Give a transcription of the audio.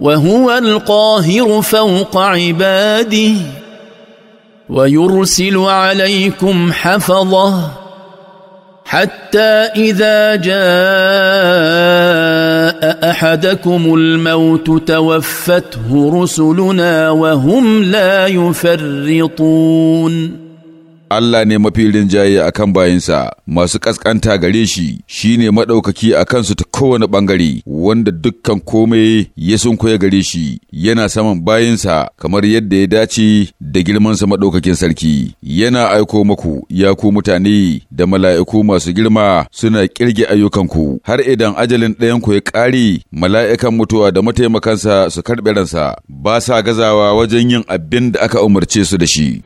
وهو القاهر فوق عباده ويرسل عليكم حفظه حتى اذا جاء احدكم الموت توفته رسلنا وهم لا يفرطون Allah ne mafi rinjaye a kan bayansa, masu ƙasƙanta gare shi, shi ne maɗaukaki a kansu ta kowane ɓangare, wanda dukkan komai ya sun koya gare shi, yana saman bayinsa kamar yadda ya dace da girmansa maɗaukakin sarki. Yana aiko maku, ya ku mutane da mala'iku masu girma suna ƙirge ayyukanku, har idan ajalin ɗayanku ya ƙare, mala'ikan mutuwa da mataimakansa su karɓe ransa, ba sa gazawa wajen yin abin da aka umarce su da shi.